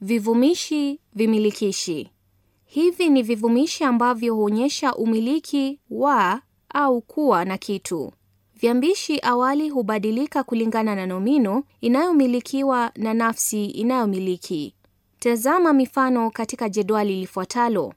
Vivumishi vimilikishi. Hivi ni vivumishi ambavyo huonyesha umiliki wa au kuwa na kitu. Viambishi awali hubadilika kulingana na nomino inayomilikiwa na nafsi inayomiliki. Tazama mifano katika jedwali lifuatalo.